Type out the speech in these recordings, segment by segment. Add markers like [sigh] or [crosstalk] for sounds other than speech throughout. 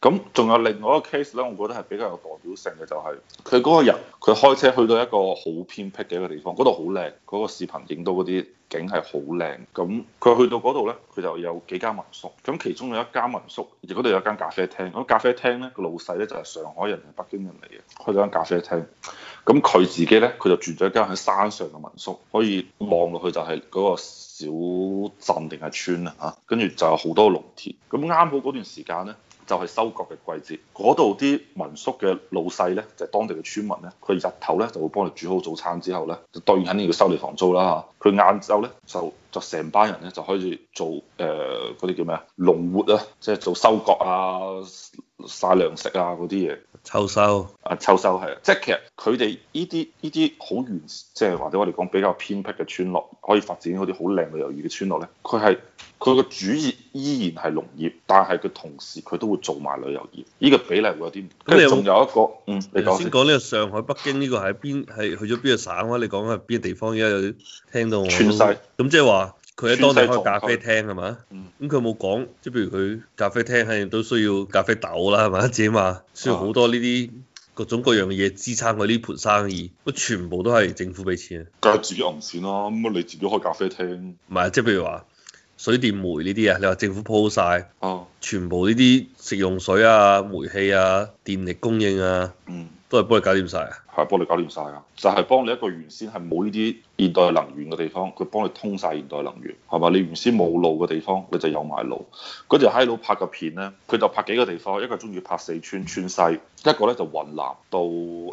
咁仲有另外一個 case 咧，我覺得係比較有代表性嘅就係，佢嗰個人佢開車去到一個好偏僻嘅一個地方，嗰度好靚，嗰個視頻影到嗰啲景係好靚。咁佢去到嗰度呢，佢就有幾間民宿，咁其中有一間民宿，而嗰度有一間咖啡廳。咁咖啡廳呢，個老細呢就係上海人定北京人嚟嘅，開咗間咖啡廳。咁佢自己呢，佢就住咗一間喺山上嘅民宿，可以望落去就係嗰個小鎮定係村啊嚇，跟住就有好多農田。咁啱好嗰段時間呢，就係收割嘅季節，嗰度啲民宿嘅老細咧，就係當地嘅村民咧，佢日頭咧就會幫你煮好早餐之後咧，當然肯定要收你房租啦嚇。佢晏晝咧就就成班人咧就開始做誒嗰啲叫咩啊農活啊，即係做收割啊。曬糧食啊嗰啲嘢，秋收啊秋收係，即係其實佢哋呢啲依啲好原始，即係或者我哋講比較偏僻嘅村落，可以發展嗰啲好靚嘅旅遊業嘅村落咧。佢係佢個主業依然係農業，但係佢同時佢都會做埋旅遊業。呢、這個比例會有啲，咁你仲有一個，你嗯，你講先。先講呢個上海、北京呢個喺邊，係去咗邊個省啊？你講係邊個地方？而家有啲？聽到我，咁廣西即係話。佢喺當地開咖啡廳係嘛？咁佢冇講，即係譬如佢咖啡廳肯定都需要咖啡豆啦，係嘛？至起碼需要好多呢啲、啊、各種各樣嘅嘢支撐佢呢盤生意，乜全部都係政府俾錢啊？咁你自己又唔算啦，咁你自己開咖啡廳？唔係，即係譬如話水電煤呢啲啊，你話政府鋪晒，哦，啊、全部呢啲食用水啊、煤氣啊、電力供應啊，嗯，都係幫你搞掂晒。啊？係幫你搞掂晒啊！就係、係、幫你一個原先係冇呢啲現代能源嘅地方，佢幫你通晒現代能源，係嘛？你原先冇路嘅地方，你就有埋路。嗰條閪佬拍嘅片咧，佢就拍幾個地方，一個中意拍四川川西，一個咧就雲南到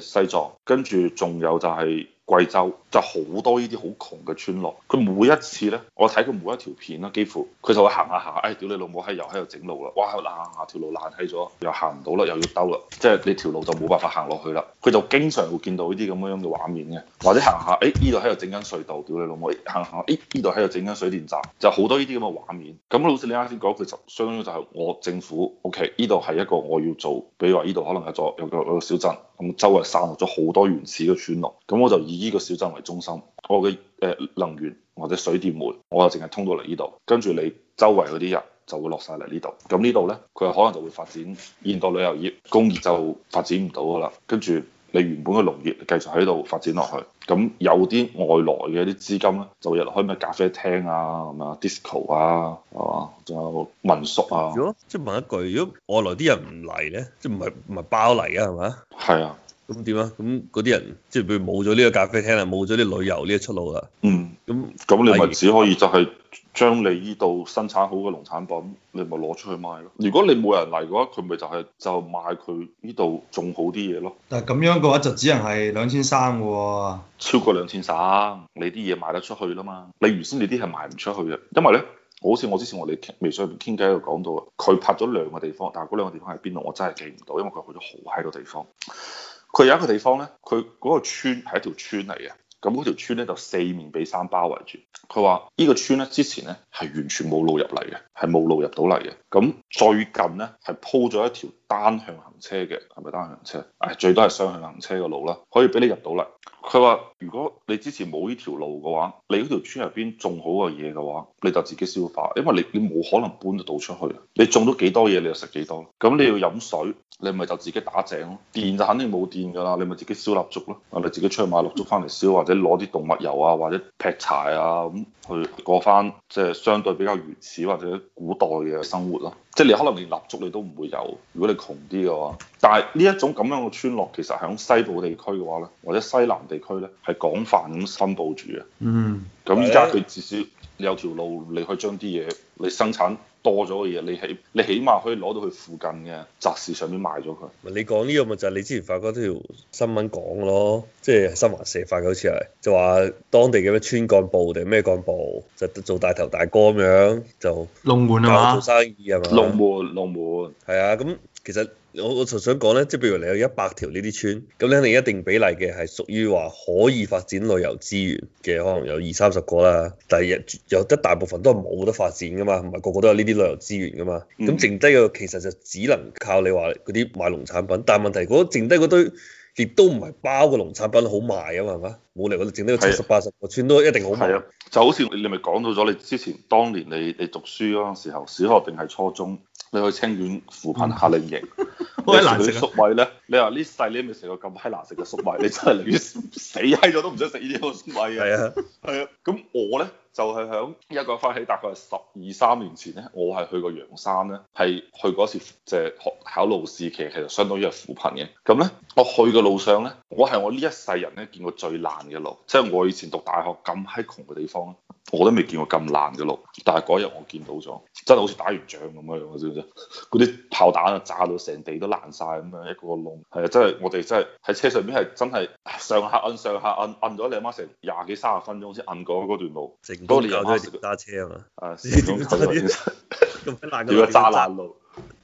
西藏，跟住仲有就係貴州，就好多呢啲好窮嘅村落。佢每一次咧，我睇佢每一條片咧，幾乎佢就會行下行，誒、哎，屌你老母，喺又喺度整路啦！哇，爛爛下條路爛起咗，又行唔到啦，又要兜啦，即係你條路就冇辦法行落去啦。佢就經常會見到呢啲咁樣嘅畫面嘅，或者行下，誒、哎，呢度喺度整隧道，屌你老母，行行，誒，呢度喺度整緊水電站，就好多呢啲咁嘅畫面。咁老師，你啱先講佢就，相當於就係我政府，OK，呢度係一個我要做，比如話呢度可能有座有個有個小鎮，咁周圍散落咗好多原始嘅村落，咁我就以呢個小鎮為中心，我嘅誒能源或者水電煤，我就淨係通到嚟呢度，跟住你周圍嗰啲人就會落晒嚟呢度。咁呢度咧，佢可能就會發展現代旅遊業，工業就發展唔到噶啦，跟住。你原本嘅農業繼續喺度發展落去，咁有啲外來嘅一啲資金咧，就入落去咩咖啡廳啊，咁啊，disco 啊，係嘛，仲有民宿啊。如果即問一句，如果外來啲人唔嚟咧，即唔係唔係包嚟啊，係咪？係啊。咁點啊？咁嗰啲人即係譬如冇咗呢個咖啡廳啦，冇咗啲旅遊呢個出路啦。嗯，咁咁那你咪只可以就係將你呢度生產好嘅農產品，你咪攞出去賣咯。如果你冇人嚟嘅話，佢咪就係、是、就賣佢呢度種好啲嘢咯。但係咁樣嘅話，就只能係兩千三喎。超過兩千三，你啲嘢賣得出去啦嘛？你原先你啲係賣唔出去嘅，因為呢，好似我之前我哋微信入邊傾偈度講到，佢拍咗兩個地方，但係嗰兩個地方喺邊度，我真係記唔到，因為佢去咗好閪多地方。佢有一個地方咧，佢嗰個村係一條村嚟嘅，咁嗰條村咧就四面被山包圍住。佢話呢個村咧之前咧係完全冇路入嚟嘅，係冇路入到嚟嘅。咁最近咧係鋪咗一條單向行車嘅，係咪單向行車？誒、哎，最多係雙向行車嘅路啦，可以俾你入到嚟。佢話：如果你之前冇呢條路嘅話，你嗰條村入邊種好嘅嘢嘅話，你就自己消化，因為你你冇可能搬得到出去。你種咗幾多嘢，你就食幾多。咁你要飲水，你咪就自己打井咯。電就肯定冇電㗎啦，你咪自己燒蠟燭咯。你自己出去買蠟燭翻嚟燒，或者攞啲動物油啊，或者劈柴啊咁去過翻，即係相對比較原始或者古代嘅生活咯。即係你可能連立足你都唔會有，如果你窮啲嘅話。但係呢一種咁樣嘅村落，其實響西部地區嘅話咧，或者西南地區咧，係廣泛咁分布住嘅。嗯。咁依家佢至少有條路，你可以將啲嘢你生產。多咗嘅嘢，你起你起碼可以攞到佢附近嘅集市上面賣咗佢。你講呢個咪就係你之前發嗰條新聞講咯，即係新華社發嘅好似係，就話當地嘅咩村幹部定咩幹部就做大頭大哥咁樣就龍門啊做生意係嘛？龍門，龍門係啊，咁其實。我我就想講咧，即係譬如你有一百條呢啲村，咁你肯定一定比例嘅係屬於話可以發展旅遊資源嘅，可能有二三十個啦。但係有得大部分都係冇得發展噶嘛，唔係個個都有呢啲旅遊資源噶嘛。咁剩低嘅其實就只能靠你話嗰啲賣農產品，但係問題嗰剩低嗰堆亦都唔係包個農產品好賣啊嘛，係嘛？冇理由剩低個七十八十個村都一定好賣，啊啊。就好似你咪講到咗你之前當年你你讀書嗰陣時候，小學定係初中，你去清遠扶貧夏令營。 [laughs] 咩難食粟米咧？ [laughs] 你話呢世你未食過咁閪難食嘅粟米，你真係寧死閪咗都唔想食呢啲粟米 [laughs] [laughs] 啊！係啊，係啊。咁我咧就係、是、響一個翻起，大概係十二三年前咧，我係去過陽山咧，係去嗰時就係、是、考路試，其實其實相當於係扶貧嘅。咁咧，我去嘅路上咧，我係我呢一世人咧見過最難嘅路，即、就、係、是、我以前讀大學咁閪窮嘅地方。我都未見過咁爛嘅路，但係嗰日我見到咗，真係好似打完仗咁樣，知唔知？嗰啲炮彈啊，炸到成地都爛晒咁樣，一個個窿。係啊，真係我哋真係喺車上邊係真係上下摁，上下摁，摁咗你阿媽成廿幾卅分鐘先摁過嗰段路。整多日阿媽揸車啊嘛。咁爛炸爛路。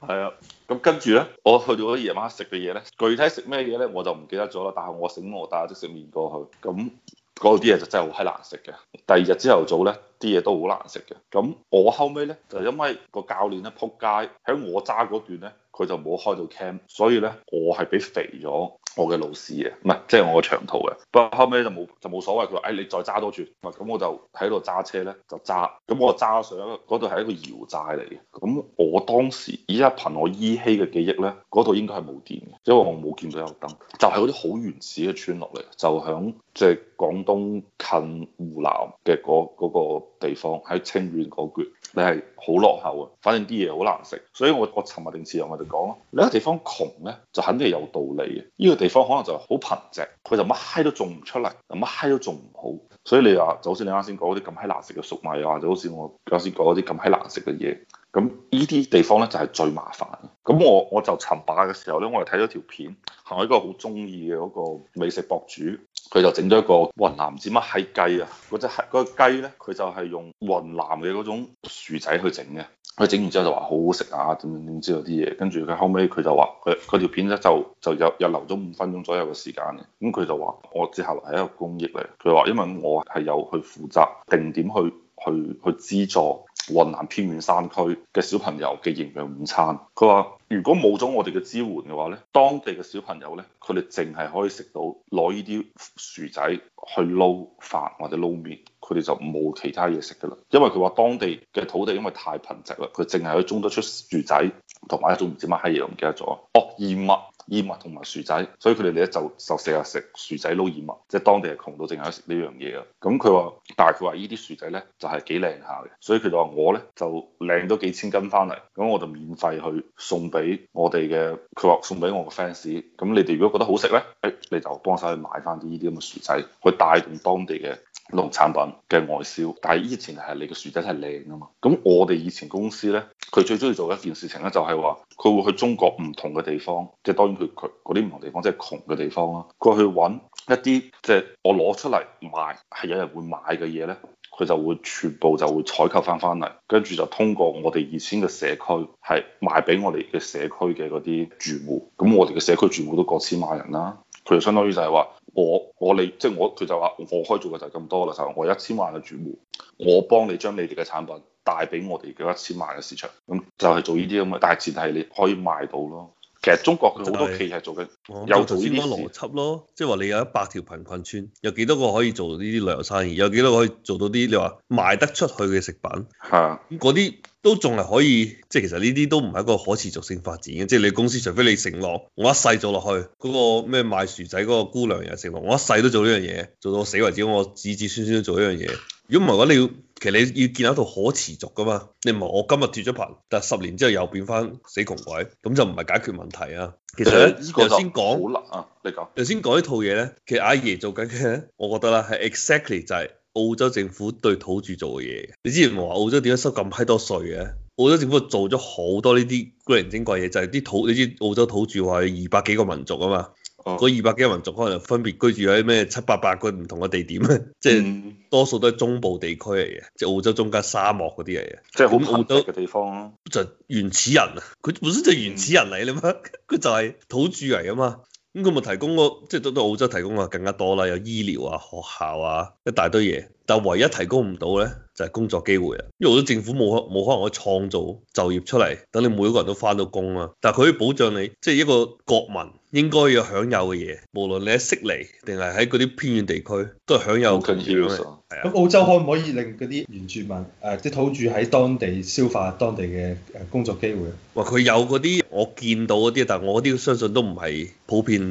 係啊，咁跟住咧，我去到嗰日夜晚食嘅嘢咧，具體食咩嘢咧我就唔記得咗啦。但係我醒我帶咗即食麵過去咁。嗰度啲嘢就真係好閪難食嘅。第二日朝頭早咧，啲嘢都好難食嘅。咁我後尾咧就是、因為個教練咧撲街，喺我揸嗰段咧，佢就冇開到 cam，所以咧我係俾肥咗我嘅老師嘅，唔係即係我嘅長途嘅。不過後尾就冇就冇所謂，佢話誒你再揸多段，咁我就喺度揸車咧就揸。咁我就揸上嗰度係一個瑤寨嚟嘅。咁我當時而家憑我依稀嘅記憶咧，嗰度應該係冇電嘅，因為我冇見到有燈，就係嗰啲好原始嘅村落嚟，就響。即係廣東近湖南嘅嗰個地方，喺清遠嗰橛，你係好落後啊！反正啲嘢好難食，所以我我尋日定前日同咪哋講咯。你個地方窮咧，就肯定係有道理嘅。呢個地方可能就好貧瘠，佢就乜閪都種唔出嚟，又乜閪都種唔好。所以你話，就好似你啱先講啲咁閪難食嘅粟米啊，或者好似我啱先講啲咁閪難食嘅嘢，咁呢啲地方咧就係最麻煩。咁我我就尋把嘅時候咧，我哋睇咗條片，係一個好中意嘅嗰個美食博主。佢就整咗一個雲南唔知乜閪雞啊，嗰隻係嗰個雞咧，佢就係用雲南嘅嗰種薯仔去整嘅。佢整完之後就話好好食啊，點點點知道啲嘢。跟住佢後尾，佢就話佢佢條片咧就就有又留咗五分鐘左右嘅時間嘅，咁佢就話我接下來係一個公益嚟，佢話因為我係有去負責定點去去去資助。雲南偏遠山區嘅小朋友嘅營養午餐，佢話如果冇咗我哋嘅支援嘅話咧，當地嘅小朋友呢，佢哋淨係可以食到攞呢啲薯仔去撈飯或者撈麵，佢哋就冇其他嘢食噶啦。因為佢話當地嘅土地因為太貧瘠啦，佢淨係可以種得出薯仔同埋一種唔知乜閪嘢，我唔記得咗。哦，燕麥。燕麥同埋薯仔，所以佢哋咧就就成日食薯仔撈燕麥，即係當地係窮到淨係食呢樣嘢啊。咁佢話，但係佢話呢啲薯仔咧就係幾靚下嘅，所以佢就話我咧就領多幾千斤翻嚟，咁我就免費去送俾我哋嘅，佢話送俾我嘅 fans。咁你哋如果覺得好食咧，誒你就幫手去買翻啲呢啲咁嘅薯仔，去帶動當地嘅農產品嘅外銷，但係以前係你個薯仔真係靚啊嘛，咁我哋以前公司呢，佢最中意做嘅一件事情呢，就係話佢會去中國唔同嘅地方，即係當然佢佢嗰啲唔同地方即係、就是、窮嘅地方啦，佢去揾一啲即係我攞出嚟賣係有人會買嘅嘢呢，佢就會全部就會採購翻翻嚟，跟住就通過我哋以前嘅社區係賣俾我哋嘅社區嘅嗰啲住戶，咁我哋嘅社區住戶都過千萬人啦，佢就相當於就係話。我我你即係我佢就話我開做嘅就係咁多啦，就係我一千萬嘅主戶，我幫你將你哋嘅產品帶畀我哋嘅一千萬嘅市場，咁就係做呢啲咁嘅，但前提你可以賣到咯。其實中國好多企業係做緊有做呢啲事，就是，邏輯咯，即係話你有一百條貧困村，有幾多個可以做呢啲旅遊生意，有幾多個可以做到啲你話賣得出去嘅食品，吓咁嗰啲都仲係可以，即係其實呢啲都唔係一個可持續性發展嘅，即係你公司除非你承諾我一世做落去，嗰、那個咩賣薯仔嗰、那個姑娘又承諾我一世都做呢樣嘢，做到死為止，我子子孫孫都做呢樣嘢，如果唔係話你要。其實你要建一套可持續噶嘛，你唔係我今日脫咗貧，但十年之後又變翻死窮鬼，咁就唔係解決問題啊。其實咧，頭先講好叻啊，你講頭先講呢套嘢咧，其實阿爺做緊嘅，我覺得啦，係 exactly 就係澳洲政府對土著做嘅嘢。你之前唔話澳洲點解收咁閪多稅嘅？澳洲政府做咗好多呢啲古靈精怪嘢，就係、是、啲土你知澳洲土著話二百幾個民族啊嘛。嗰二百幾民族可能分別居住喺咩七八百個唔同嘅地點，即 [laughs] 係多數都係中部地區嚟嘅，即係澳洲中間沙漠嗰啲嚟嘅，即係好澳洲嘅地方咯。就原始人啊，佢本身就係原始人嚟啦 [laughs] 嘛，佢就係土著嚟啊嘛。咁佢咪提供個，即係到到澳洲提供啊更加多啦，有醫療啊、學校啊，一大堆嘢。唯一提供唔到咧，就係工作機會啊！因為好多政府冇可冇可能去創造就業出嚟，等你每一個人都翻到工啦。但係佢可以保障你，即係一個國民應該要享有嘅嘢，無論你喺悉尼定係喺嗰啲偏遠地區，都係享有咁樣嘅。咁澳洲可唔可以令嗰啲原住民誒，啊，即土著喺當地消化當地嘅工作機會？哇！佢有嗰啲我見到嗰啲，但係我嗰啲相信都唔係普遍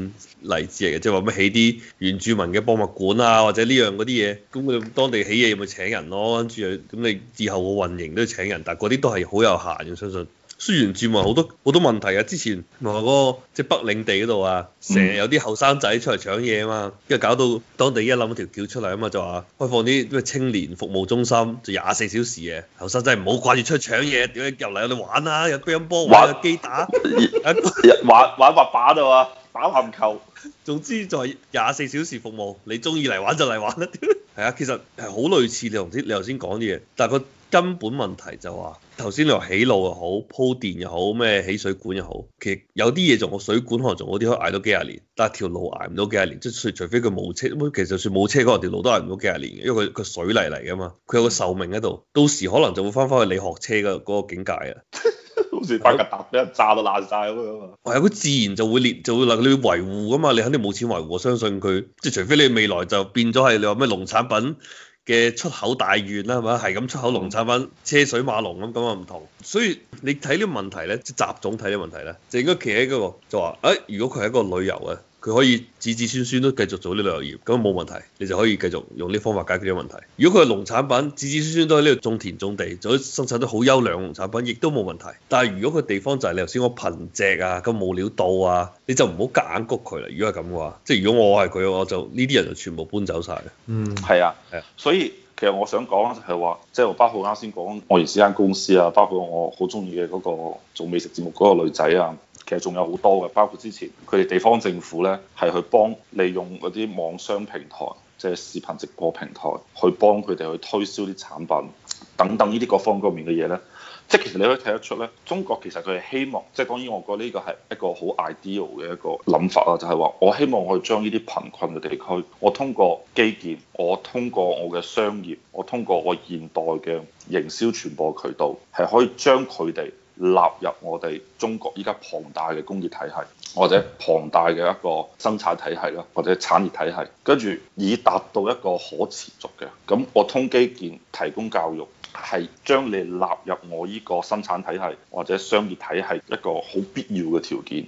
例子嚟嘅，即係話咩起啲原住民嘅博物館啊，或者呢樣嗰啲嘢，咁佢當。你哋起嘢咪請人咯，跟住咁你以後個運營都要請人，但係嗰啲都係好有限嘅，相信。雖然轉話好多好多問題啊，之前話嗰即係北領地嗰度啊，成日有啲後生仔出嚟搶嘢啊嘛，跟住搞到當地一諗條橋出嚟啊嘛，就話開放啲咩青年服務中心就廿四小時嘅後生仔唔好掛住出去搶嘢，點解入嚟我哋玩啊？有乒乓波玩、玩機打、玩打 [laughs] 玩滑板啊！打籃球， [laughs] 總之就係廿四小時服務，你中意嚟玩就嚟玩啦。係 [laughs] 啊，其實係好類似你頭先你頭先講啲嘢，但係個根本問題就話頭先你話起路又好鋪電又好咩起水管又好，其實有啲嘢仲個水管可能仲好啲，可以挨到幾廿年。但係條路挨唔到幾廿年，即係除非佢冇車，其實就算冇車嗰條路都挨唔到幾廿年，因為佢佢水泥嚟㗎嘛，佢有個壽命喺度，到時可能就會翻返去你學車嘅嗰個境界啊。嗰時把架俾人炸到爛晒，咁樣嘛，係，佢自然就會裂，就會嗱，你要維護噶嘛，你肯定冇錢維護，我相信佢，即係除非你未來就變咗係你話咩農產品嘅出口大縣啦，係咪？係咁出口農產品車水馬龍咁，咁啊唔同。所以你睇呢個問題咧，即係習總睇呢個問題咧，就應該企喺嗰個就話，誒、哎，如果佢係一個旅遊啊。佢可以子子孫孫都繼續做呢旅遊業，咁冇問題，你就可以繼續用呢方法解決啲問題。如果佢係農產品，子子孫孫都喺呢度種田種地，就可以生產得好優良嘅農產品，亦都冇問題。但係如果個地方就係、是、你頭先我貧瘠啊、咁冇料度啊，你就唔好夾硬谷佢啦。如果係咁嘅話，即係如果我係佢嘅話，我就呢啲人就全部搬走晒。嗯，係啊，係啊。所以其實我想講就係話，即、就、我、是、包括啱先講我哋啲間公司啊，包括我好中意嘅嗰個做美食節目嗰個女仔啊。其實仲有好多嘅，包括之前佢哋地方政府咧，係去幫利用嗰啲網商平台，即係視頻直播平台，去幫佢哋去推銷啲產品等等呢啲各方面嘅嘢咧。即係其實你可以睇得出咧，中國其實佢係希望，即係當然我覺得呢個係一個好 ideal 嘅一個諗法啊，就係話我希望我去將呢啲貧困嘅地區，我通過基建，我通過我嘅商業，我通過我現代嘅營銷傳播渠道，係可以將佢哋。納入我哋中國依家龐大嘅工業體系，或者龐大嘅一個生產體系啦，或者產業體系，跟住以達到一個可持續嘅，咁我通基建提供教育，係將你納入我呢個生產體系或者商業體系一個好必要嘅條件。